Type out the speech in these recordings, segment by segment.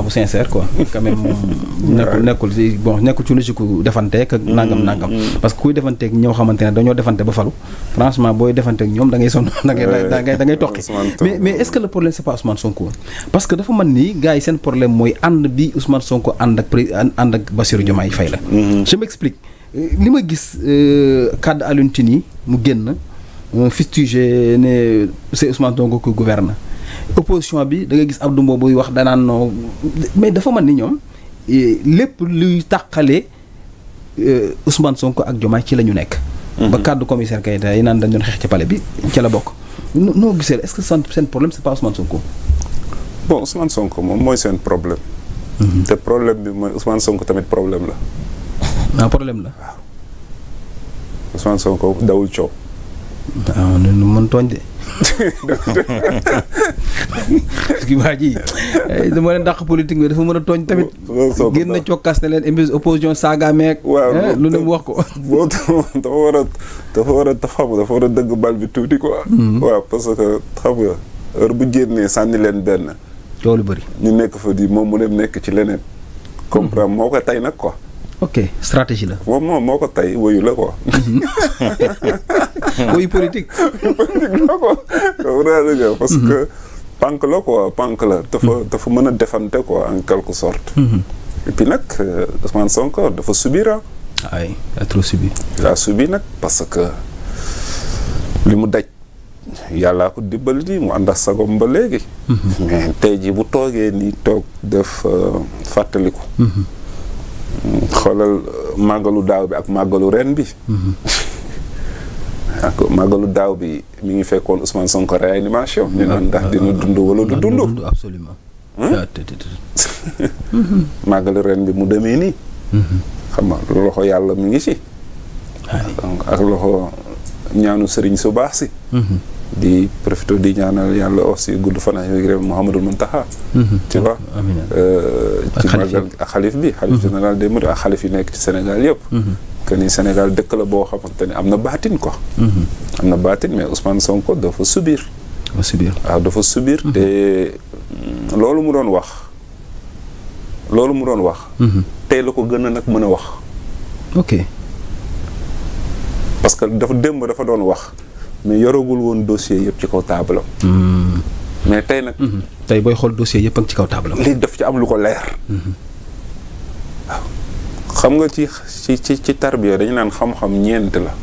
concurrent bu sincère quoi quand même moom nekkul nekkul si bon nekkul ci logique ku defanteek ak nangam mm, nangam mm. parce que kuy defanteek ñoo xamante ne dañoo defante ba falu franchement booy defanteek ñoom da ngay sonn da ngay mais mais est-ce problème c'est pas Ousmane parce que dafa mën ni gars yi seen problème mooy ànd bi Ousmane Sonko ànd ak pré ànd ak la mm-hmm. je m'explique euh, li ma gis euh, cadre Alioune yi mu génn fustigé ne c'est Ousmane Sonko qui gouverne opposition bi da nga gis ab Mbow buy wax danaa noo mais dafa man ni ñoom eh, lépp luy tàqale eh, Ousmane Sonko ak Diomaye ci la ñu nekk. Mhm. ba kàddu commissaire Keïta yi naan dañ doon xeex ci pale bi ca la bokk. noo gisee est-ce que seen problème c'est pas Ousmane Sonko. bon Ousmane Sonko moom mooy seen problème. Mhm. te problème bi mooy Ousmane Sonko tamit problème la. ah problème la. waaw dawul waaw ah, nu nu mën tooñ de parce que waa ji eh, dama leen dafa mën a tooñ tamit génn na cokkas ne leen imbis opposition saaga meeg waaw eh, lu wax ko boo dafa war a dafa war a xam dafa war a dëgg bal bi tuuti ko hmm. waaw parce que xam nga heure bu génnee sànni leen benn loolu bari ñu nekk fa di moom mu dem nekk ci leneen hmm. comprendre moo ko tey nag ko ok stratégie la. waaw moom moo ko tay woyu la quoi. woyu politique. politique la quoi. parce que mhm. pànk la quoi pànk la. Mhm. dafa mën a defante quoi en quelque sorte. Mhm. et puis nag euh, Ousmane Sonko dafa subir ah. ay a trop subi. laa subi nag parce que li mu daj yàllaa ko dibbal ji mu ànd ak sagom ba léegi. mais tey ji bu toogee ni toog def euh, fàttaliku. xoolal màggalu daaw bi ak màggalu ren bi. Mhm. ak màggalu daaw bi mi ngi fekkoon Ousmane Sonko réanimation. ñu ah, naan ndax ah, ah, dina dund wala du dund. absolument. Hmm? màggalu ren bi mu demee nii. Mhm. xam loxo yàlla mi ngi ci. donc ak loxo ñaanu sëriñ su baax si. Mhm. di profité di ñaanal yàlla aussi gudd fan ak yéen Mouhamadul Mountakha. Mhm. tu vois euh, ci magal xalif bi. xalif mhm. général des mourides ak xalif yi nekk ci Sénégal yëpp. Mhm. que ni Sénégal dëkk la boo xamante ni am na baatin ko am na baatin mais Ousmane Sonko dafa subir. dafa subir waaw ah, dafa subir te mm, loolu mu doon wax loolu mu doon wax. tey la ko gën a nag mën a wax. ok. que dafa démb dafa doon wax. mais yoragul woon dossier yëpp ci kaw taabalam. Hmm. mais tey nag. Hmm. tey booy xool dossier yëpp ak ci kaw taabalam. li daf ci am lu ko leer. Hmm. xam nga ci ci ci ci tarbiya dañu naan xam-xam ñeent la.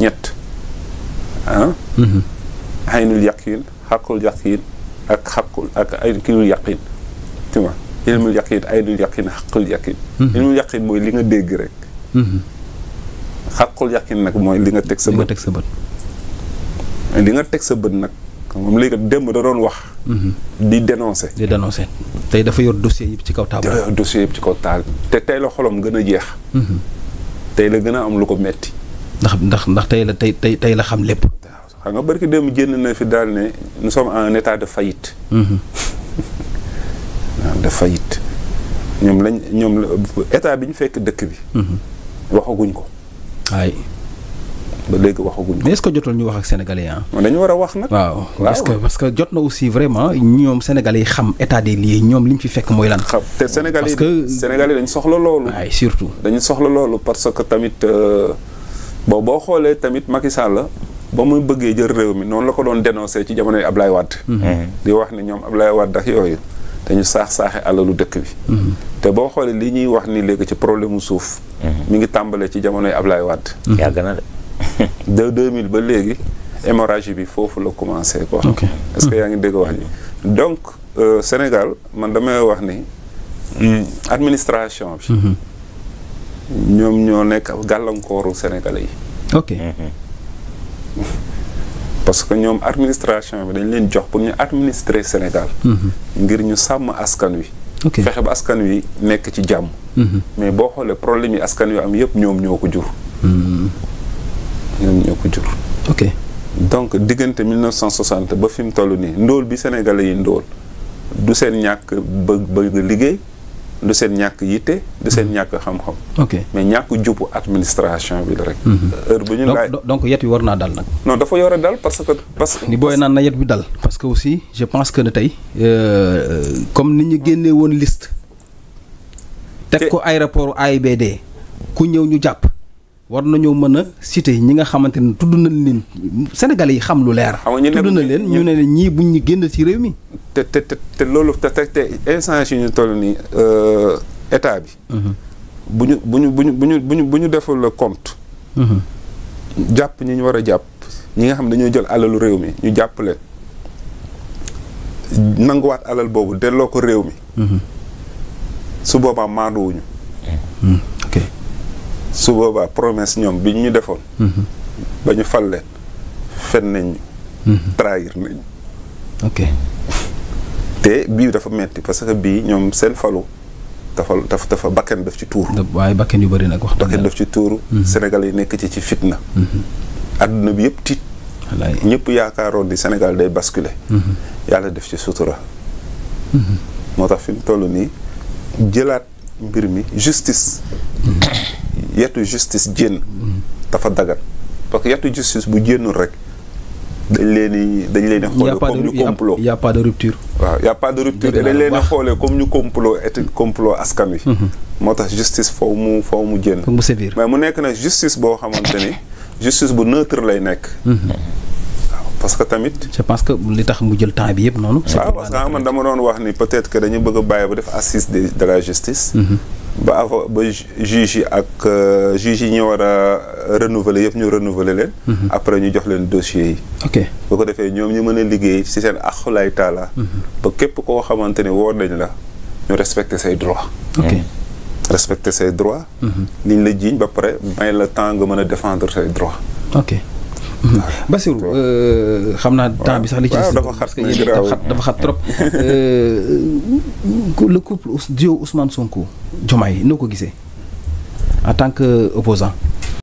ñett ah. aynul yaqiin xaqul yaqiin ak xaqul ak ay kiiwul yaqiin tu vois ilmul yaqiin aynul yaqiin xaqul yaqiin. ilmul yaqiin mooy li nga dégg rek. xaqul yaqiin nag mooy li nga teg sa bët. li nga teg sa bët nag moom léegi démb da doon wax. Mhm. di dénoncer. di dénoncer tey dafa yor dossier yëpp ci kaw table. dafa yëpp ci kaw table te tey la xolom gën a jeex. Mhm. tey la gën a am lu ko metti ndax ndax ndax tey la tey tey tey la xam lépp. xam nga barki démb génn na fi daal ne nous en état de faillite. Mhm. Ah, de faillite ñoom lañ ñoom état bi ñu fekk dëkk bi. waxaguñ ko. waay. ba léegi waxaguñ ko. mais est-ce ñu wax ak sénégalais ah. dañu war a wax nag. waaw parce que parce jot na aussi vraiment ñoom sénégalais yi xam état des lieux ñoom li ñu fi fekk mooy lan. xam te sénégalais yi sénégalais dañu soxla loolu. ay surtout dañu soxla loolu parce que tamit euh, boo boo xoolee tamit Macky Sall la ba muy bëggee jël réew mi noonu la ko doon dénoncé ci jamonoy Ablaye Wade. Mhm. Mhm. di wax ne ñoom Ablaye Wade ak yooyu. dañu saax saaxe alalu dëkk bi. Mhm. te boo xoolee li ñuy wax ni léegi ci problème mu suuf. mi ngi tàmbalee ci jamonoy Ablaye Wade. yàgg na de 2000 ba léegi hémorragie bi foofu la commencé ko ok est-ce hmm. yaa ngi dégg wax ji donc euh, Sénégal man damay wax ni hmm, administration bi. Hmm. ñoom ñoo nekk gàllankooru sénégal yi. parce que ñoom administration bi dañ leen jox pour ñu administrer Sénégal. ngir ñu sàmm askan wi. ok fexe ba askan wi nekk ci jàmm. mais boo xoolee problème yi askan wi am yëpp ñoom ñoo ko jur. ñoom ñoo ko jur. ok donc diggante 1960 ba fi mu toll nii ndóol bi Sénégalais yi ndóol du seen ñàkk bëgg bëgg liggéey du seen ñàkk yitte du seen mm-hmm. ñàkk xam-xam. ok mais ñàkk jubbu administration bi la rek. Mm-hmm. heure bu ñu laaj donc donc yet bi war naa dal nag. non dafa yore dal parce que parce que. ni booy naan na yet bi dal. parce que aussi je pense que ne tey euh, comme ni ñu génnee woon liste. teg ko aéroport AIBD ku ñëw ñu jàpp. war nañoo mën a citer ñi nga xamante ne tudd nañ leen Sénégalais yi xam lu leer. tudd na leen ñu ne ñii buñ ñu génn ci réew mi. te te te loolu te te instant yi ñu toll nii euh, état bi. Mhm. bu ñu bu ñu bu ñu bu ñu bu ñu deful le compte. Mhm. jàpp ñi ñu war a jàpp ñi nga xam ne dañoo jël alalu réew mi ñu jàpp leen nanguwaat alal boobu delloo ko réew mi. Mhm. su boobaa maanduwuñu. su boobaa promesse ñoom bi ñu defoon. Mhm. ba ñu fal leen fen nañ ñu. Mhm. trahir nañ te bii dafa metti parce que bii ñoom seen falu dafa dafa dafa bakkan def ci tuur. waaye bakkan yu bëri nag wax bakkan def ci tuur. Mhm. Sénégal yi nekk ci ci fitna. àdduna bi yépp tiit. wallaay ñëpp yaakaaroon di Sénégal day basculer. yàlla def ci sutura. moo tax fi mu toll nii jëlaat mbir mi justice. yetu justice jénn dafa dagan parce que yetu justice bu jénnul rek dañ leen di dañ leen di xoolee comme ñu complot y' a pas xoolee comme ñu complot et mm-hmm. complot askan wi. Mm-hmm. moo tax justice foofu mu foofu mu jénn. mais mu nekk nag justice boo xamante ni justice bu neutre lay nekk. Mm-hmm. parce que tamit. je pense que li tax mu jël temps bi yëpp noonu. c'est parce que man dama doon wax ni peut-être que dañu bëgg a bàyyi ba def assise de de la justice. ba ava ba juge yi ak euh, juge yi ñu war a renouveler yëpp ñu renouveler leen mhm. après ñu jox leen dossier yi ok bu ko defee ñoom ñu mën a liggéey si seen axulaay taala mhm. ba képp koo xamante ne woo nañ la ñu respecter say droit ok hmm. respecter say droit mhm. liñ la jiiñ ba pare may la temps nga mën a défendre say droit Bassirou euh, xam naa temps bi sax li ci dafa xat dafa xat trop euh, le couple duo Ousmane Sonko Diomaye noo ko gisee en tant que opposant